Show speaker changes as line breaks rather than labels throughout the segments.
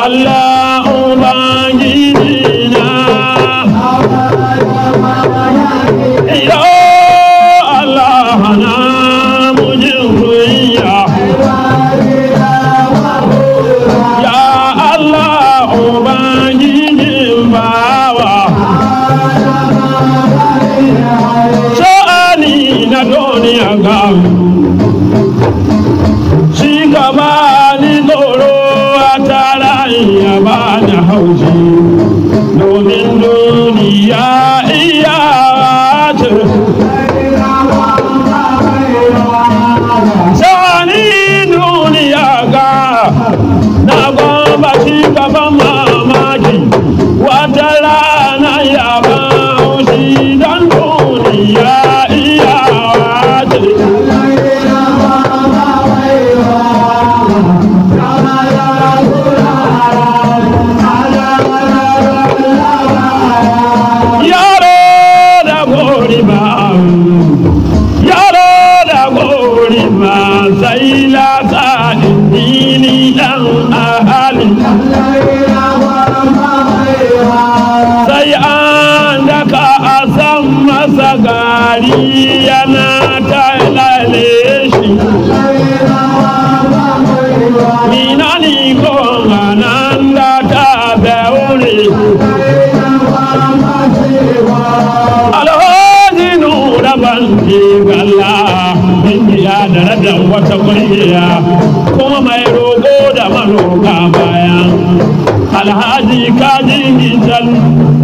Allah daga a san masa gari yana ta lale shi minani ko ganan da ta beure alhaji nuna banki galla indiya da radan wata kungiya kuma mai rogo da maroka bayan alhaji kajin gitan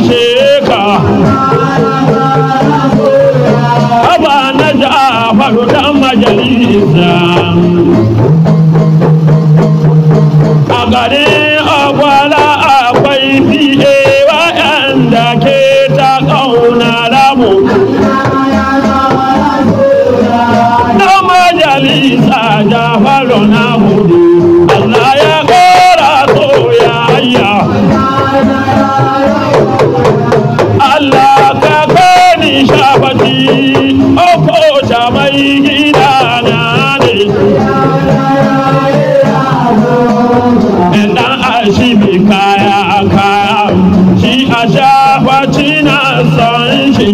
gaishe ka haba na jafaru dan a garin agwala akwai fiye wa'anda ke ta ƙauna ramu na majalisa jafaru na hudu ni a shafaci na son shi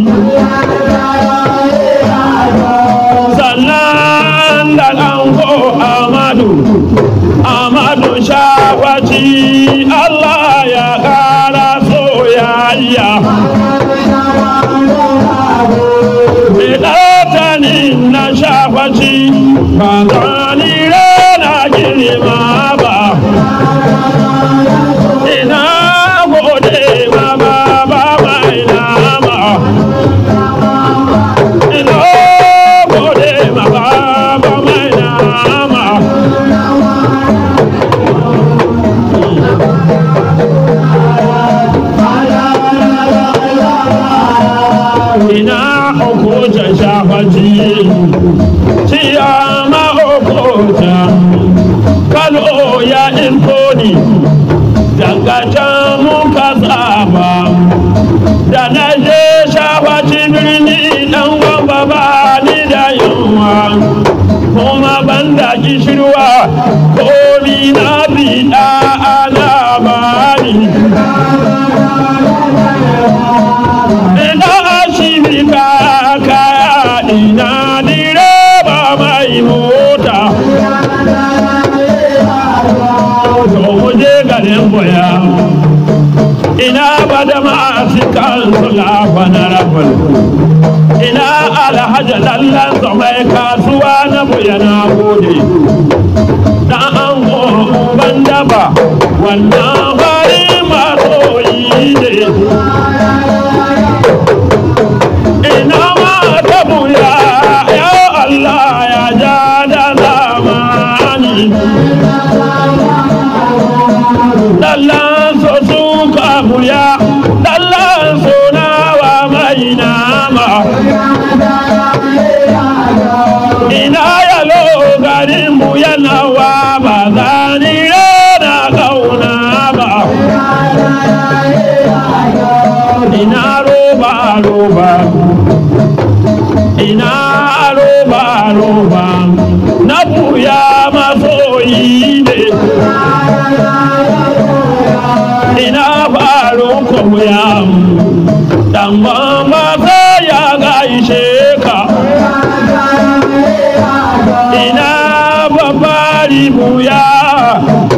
sannan da lanko amadu amadu shafaci allah ya kara soyayya Ilatanin na shafaci, ba maji ciyama okota kano ya infoni dangata mun kasaba da na je shafaci birni dan gwamba ba ni da yunwa kuma banda gishirwa komi na bi ana bani al'afa Alhaja rabal ina alhaji kasuwa na buya na gode da an ban daba wannan bari masoyi ne ina ma ta ya, ya Allah ya ja da zamani lallan ina roba roba na buya masoyi ne ina farin koya dan mama sai ya gaishe ka ina babari buya